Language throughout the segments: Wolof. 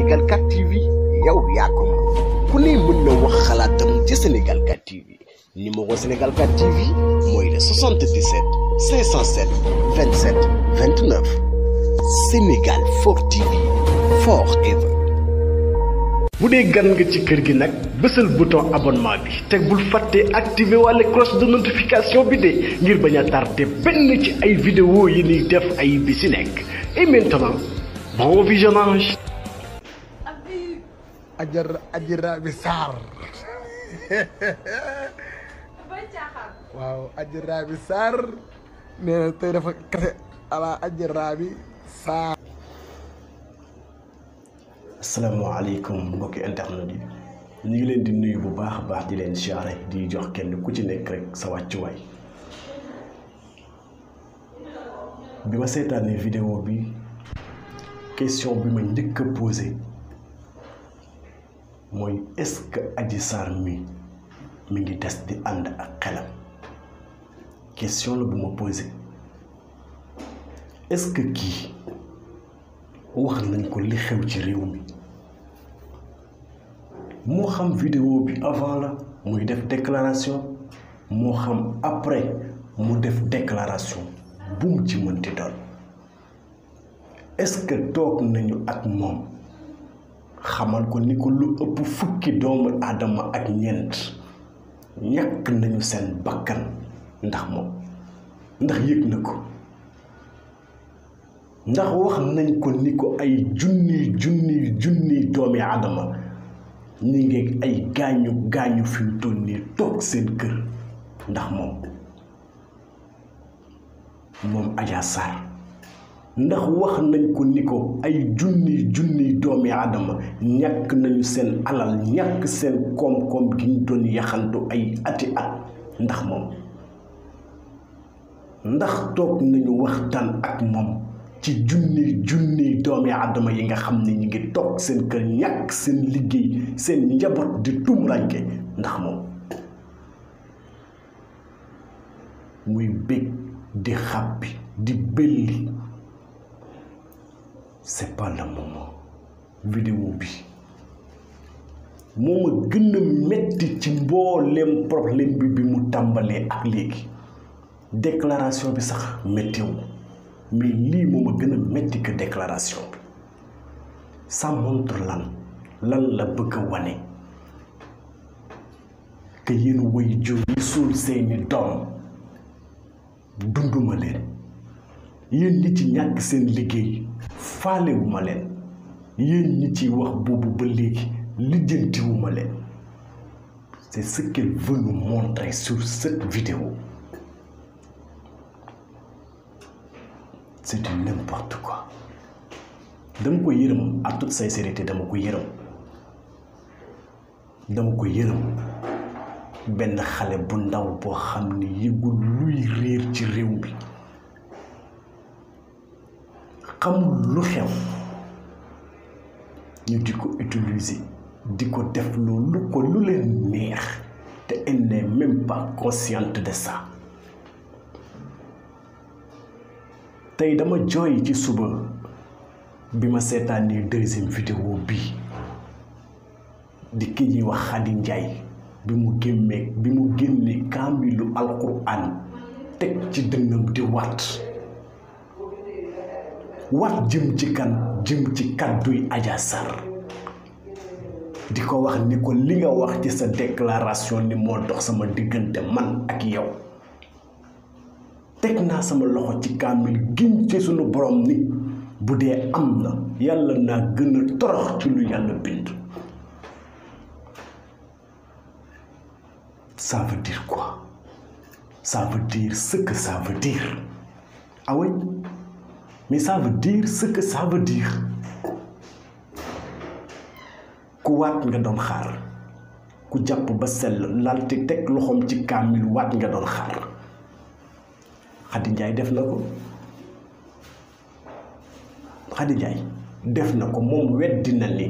Sénégal 4 TV yow yakum. ko ku mën na wax xalaatam ci Sénégal 4 TV numéro Sénégal 4 TV moy le 77 507 27 29 Sénégal 4 TV forever. bu dee gan nga ci kër gi nag le bouton abonnement bi teg bul fàttee la cloche de notification bi ne ngir bañ a tardé benn ci ay vidéo yi ni def ay et maintenant bon visionnage ajar ajira bi saar waaw ajira bi saar nee na tey dafa kase ala ajira bi saar asalaamaaleykum mbokki internet yi ñu ngi leen di nuyu bu baax a baax di leen siyaare di jox kenn ku ci nekk rek sa wàccuwaay bi ma seetaanee vidéo bi question bi ma njëkk a posé moy est-ce que Adji Sarr mi mi ngi des di and ak xelam question la bu ma posé est-ce que kii wax nañ ko li xew ci réew mi moo xam vidéo bi avant la muy def déclaration moo xam après mu def déclaration bu mu ci mënti doon est-ce que toog nañu ak moom xamal ko ni ko lu ëpp fukki doomu aadama ak ñeent ñàkk nañu seen bakkan ndax moom ndax yëg na ko ndax wax nañ ko ni ko ay junniy junniy junniy doomi aadama ñi ngi ay gaañu gaañu fi mu toll nii toog seen kër ndax moom moom Adja Sarr ndax wax nañ ko ni ko ay junni junni doomi adama ñàkk nañu seen alal ñàkk seen koom-koom gi ñu doon yaxantu ay ati at ndax moom ndax toog nañu waxtaan ak moom ci junni junni doomi aadama yi nga xam ne ñu ngi toog seen kër ñàkk seen liggéey seen njaboot di tumranke ndax moom muy bég di xàppi di belli c'est pas le moment vidéo bi moma gëna metti ci mbooleem problème bi bi mu tambalé ak légui déclaration bi sax météo mais li moma gëna metti que déclaration bi ça montre lan lan la bëgg wané que yéen way jur yi suul seeni doom dunduma leen yéen li ci ñàkk seen liggéey faalewu ma leen yéen ñi ci wax boobu ba léegi lijjantiwu ma leen c'est ce qu'elle veut nous montrer sur cette vidéo c'est du n'importe quoi dama ko yërëm à toute sincérité dama ko yërëm dama ko yërëm benn xale bu ndaw boo xam ne yëgul luy réer ci réew bi xamul lu xew ñu di ko utiliser di ko def loolu ko lu leen neex te elle n'est consciente de ça tey dama jooy ci suba bi ma seetaanee deuxième vidéo bi di ki ñuy wax Xadi Njaay bi mu gémmee bi mu génnee kaamilu alquran teg ci dënnam di waat wat jëm ci kan jëm ci kàdduy aja sar di ko wax ni ko li nga wax ci sa déclaration ni moo dox sama diggante man ak yow teg naa sama loxo ci kaamil giñ ci sunu borom ni bu dee am na yàlla naa gën a torox ci lu yàlla bind ça veut dire quoi ça veut dire ce que ça veut dire ah oui mais ça veut dire ce ku waat nga doon xaar ku jàpp ba sell lalte teg loxoom ci kaamil waat nga doon xaar Xadi Njaay def na ko Xadi Njaay def na ko moom weddi na ni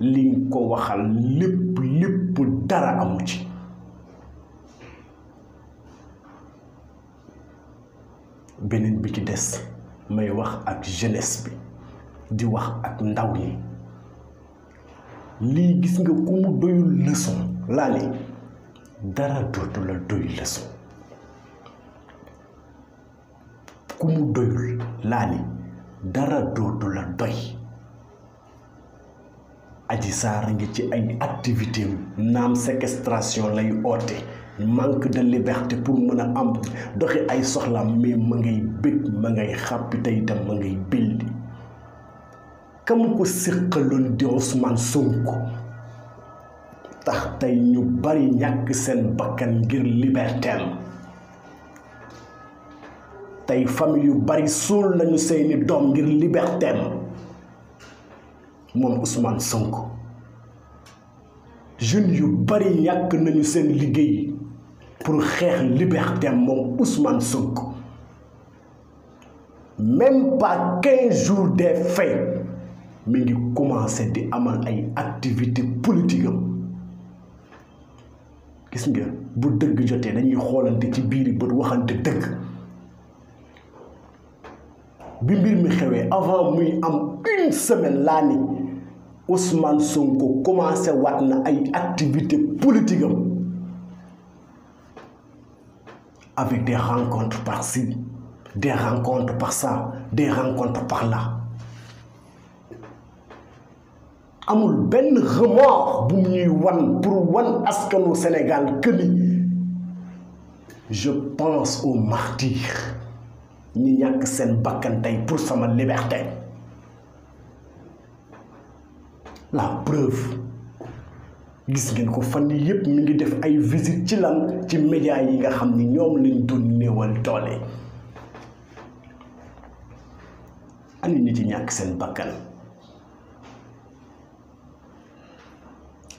liñ ko waxal lépp lépp dara amu ci beneen bi ci des may wax ak jeunesse bi di wax ak ndaw yi lii gis nga ku mu doyul leçon laa ne dara dootu la doy aji saara ngi ci ay activité naam sekestration lay oote manque de liberté pour mën a am doxi ay soxlaam mais ma ngay bëgg ma ngay xàppi tey itam ma ngay billi kam ko séqaloon di Ousmane Sonko tax tey ñu bari ñàkk seen bakkan ngir liberté tey famille yu bari suul nañu seeni doom ngir liberté am moom Ousmane Sonko jeunes yu bari ñàkk nañu seen liggéey pour faire liberté mon Ousmane Sonko même pas 15 jours des faits mi ngi commencé di amal ay activité politique am gis que bu dëgg jotee dañuy xoolante ci biiri bët waxante dëgg bi mbir mi xewee avant muy am une semaine l'année, Ousmane Sonko commencé à avoir ay activité politique avec des rencontres par-ci, des rencontres par ça, des rencontres par là. amul ben remords bu wan pour wan au Sénégal que je pense aux martyrs Niak ñàkk seen pour sa liberté la preuve gis ngeen ko fan yii yëpp mi ngi def ay visite ci lan ci média yi nga xam ni ñoom lañ doon néewal doole ani nit ñàkk seen bakkan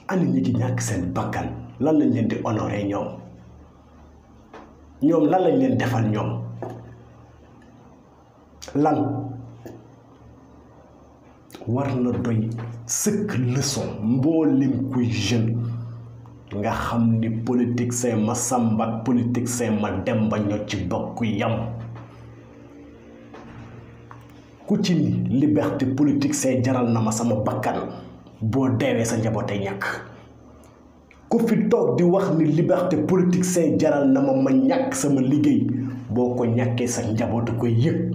ani nit yi ñàkk seen bakkan lan lañ leen di honoré ñoom ñoom lan lañ leen defal ñoom lan war na doy sëkk leçon mboolem kuy jeune nga xam ni politique say ma sàmba politique say ma ba ñoo ci bokk yam ku ci ni liberté politique say jaral na ma sama bakkan bo déwé sa njabotay ñak ku fi tok di wax ni liberté politique say jaral na ma ma ñak sama liggéey boko ñaké sa njabot ko yépp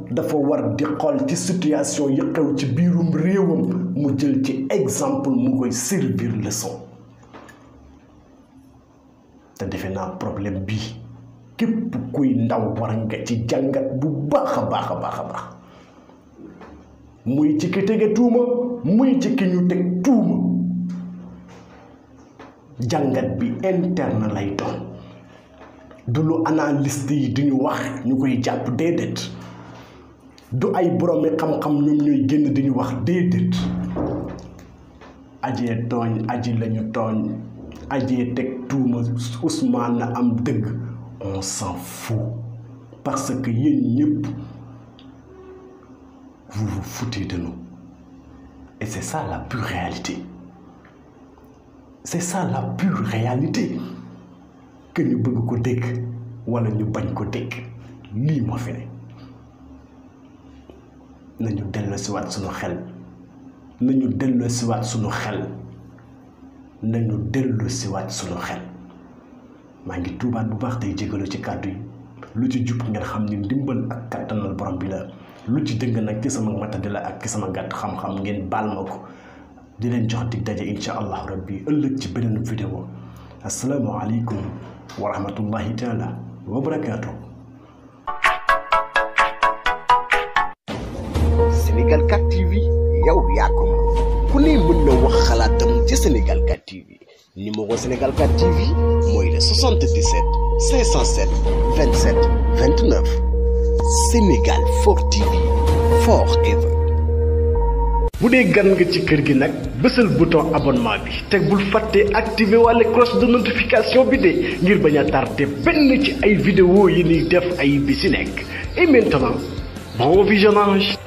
dafa war di xool ci situation yi ci biirum réewam mu jël ci exemple mu koy servir leçon te defe naa problème bi képp kuy ndaw war nga ci jàngat bu baax a baax a baax a baax muy ci tege tuuma muy jëkk ñu teg tuuma jàngat bi interne lay doon du lu analyste yi duñu wax ñu koy jàpp déedéet du ay boroomi xam-xam ñoom ñooy génn di ñu wax déedéet ajee tooñ aji lañu tooñ aji tuuma Ousmane am dëgg on s'en fout parce que yeen ñëpp vous vous foutez de nous et c'est ça la pure réalité c'est ça la pure réalité que ñu bëgg ko dégg wala ñu bañ ko dégg fi nañu wat suñu xel nañu wat suñu xel nañu wat suñu xel ma ngi tuba bu baax tay jéggelo ci kaddu yi lu ci jup ngeen xam ni ndimbal ak katanal borom bi la lu ci dëng nag ci sama matadi la ak ci sama gàtt xam-xam ngeen baal ma ko di leen jox dig daje insha allah rabbi ëllëg ci beneen vidéo assalaamu alaykum wa rahmatullahi taala wa barakatuh Sénégal 4 TV yow yaa ko ku ne mën na wax xalaatam ci Sénégal 4 TV numéro Sénégal 4 TV moy le 77 507 27 29 Sénégal 4 TV forever. bu dé gan nga ci kër gi nak, bëssal bouton abonnement bi teg bul faté activer walla cloche de notification bi dé, ngir baña a tardé benn ci ay vidéo yi ni def ay bi si et maintenant bon visionnage